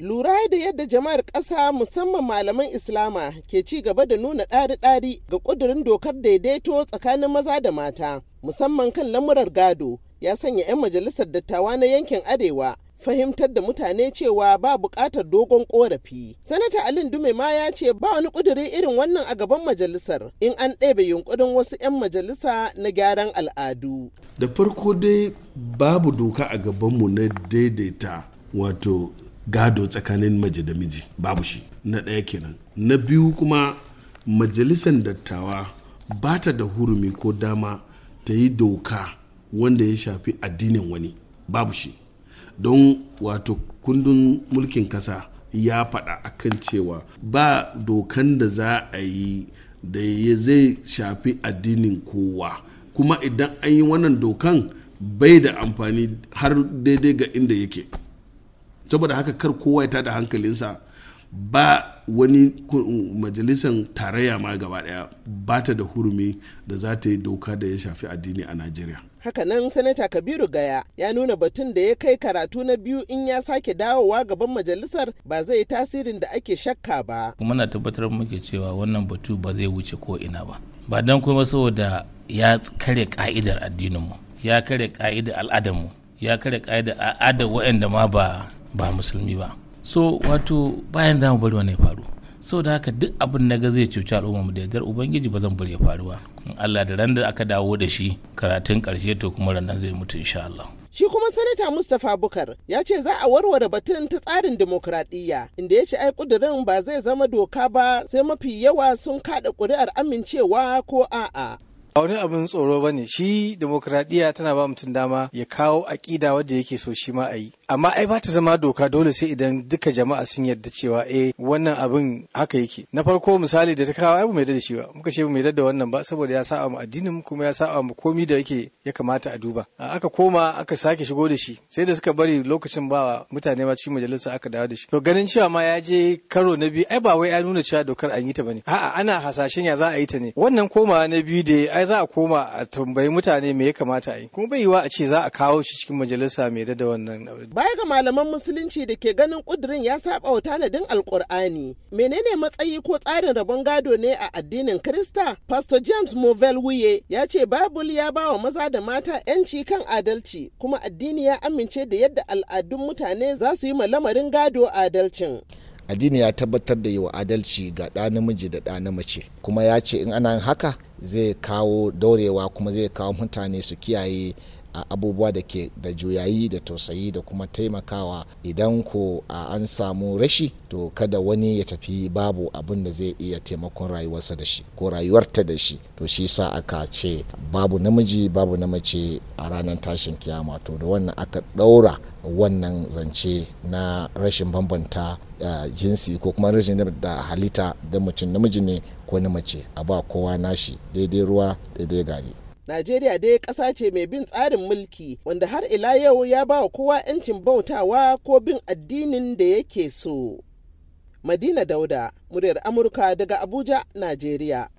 Lura da yadda jama'ar ƙasa musamman malaman Islama ke ci gaba da nuna ɗari-ɗari ga ƙudurin dokar daidaito tsakanin maza da mata, musamman kan lamurar gado, ya sanya 'yan majalisar dattawa na yankin Arewa fahimtar da mutane cewa ba buƙatar dogon ƙorafi. Sanata Alin Dume ma ya ce ba wani ƙuduri irin wannan a gaban majalisar in an ɗebe yunƙurin wasu 'yan majalisa na gyaran al'adu. Da farko dai babu doka a gabanmu na daidaita wato gado tsakanin mace da miji babu shi na ɗaya kenan na biyu kuma majalisar dattawa ba ta da hurumi ko dama ta yi doka wanda ya shafi addinin wani babu shi don wato kundin mulkin kasa ya faɗa akan cewa ba dokan da za a yi da ya zai shafi addinin kowa kuma idan an yi wannan dokan bai da amfani har daidai ga inda yake saboda haka kar kowa ya da hankalinsa ba wani majalisar tarayya ma gaba daya ba ta da hurumi da za ta yi doka da ya shafi addini a najeriya hakanan sanata kabiru gaya ya nuna batun da ya kai karatu na biyu in ya sake dawowa gaban majalisar ba zai yi tasirin da ake shakka ba kuma na tabbatar muke cewa wannan batu ba zai wuce ko ina ba ba don kuma saboda ya kare ka'idar addininmu ya kare ka'idar al'adarmu ya kare ka'idar al'adar waɗanda ma ba ba musulmi ba so wato bayan za mu bari wani faru so da haka duk abin na ga zai cuci al'umma mu da ubangiji ba zan bari ya faru ba Allah da ran aka dawo da shi karatun karshe to kuma ran zai mutu insha Allah Shi kuma Sanata Mustapha Bukar ya ce za a warware batun ta tsarin dimokuraɗiyya inda ya ce ai kudirin ba zai zama doka ba sai mafi yawa sun kaɗa ƙuri'ar amincewa ko a'a. ba wani abin tsoro ba ne shi demokradiyya tana ba mutum dama ya kawo aƙida wadda yake so shi ma a yi amma ai ba ta zama doka dole sai idan duka jama'a sun yarda cewa eh wannan abin haka yake na farko misali da ta kawo ai mu da shi ba muka ce mu da wannan ba saboda ya saba mu addinin kuma ya saba mu komi da yake ya kamata a duba aka koma aka sake shigo da shi sai da suka bari lokacin ba mutane ma cikin majalisa aka dawo da shi to ganin cewa ma ya je karo na biyu ai ba wai ya nuna cewa dokar an yi ta bane a'a ana hasashen ya za a yi ta ne wannan komawa na biyu da ai za a koma a tambayi mutane me ya kamata a yi kuma bai yiwa a ce za a kawo shi cikin majalisa mai dada wannan baya ga malaman musulunci da ke ganin kudirin ya saba wa tanadin alkur'ani menene matsayi ko tsarin rabon gado ne a addinin krista pastor james movell wuye ya ce babul ya ba wa maza da mata yanci kan adalci kuma addini ya amince da yadda al'adun mutane za su yi ma lamarin gado adalcin addini ya tabbatar da yi wa adalci ga ɗa namiji da ɗa na mace kuma ya ce in ana haka zai kawo daurewa kuma zai kawo mutane su kiyaye a abubuwa da ke da juyayi da tausayi da kuma taimakawa idan ko an samu rashi to kada wani ya tafi babu abin da zai iya taimakon rayuwarsa da shi ko rayuwarta da shi to shi sa aka ce babu namiji babu na mace a ranar tashin kiyama to da wannan aka ɗaura wannan zance na rashin bambanta jinsi ko kuma rashin da halitta da mutum namiji ne ko na mace a ba kowa nashi daidai ruwa daidai gari Najeriya dai ƙasa ce mai bin tsarin mulki wanda har ila yau ya ba wa kowa 'yancin bautawa ko bin addinin da yake so. Madina Dauda, muryar Amurka daga Abuja, Najeriya.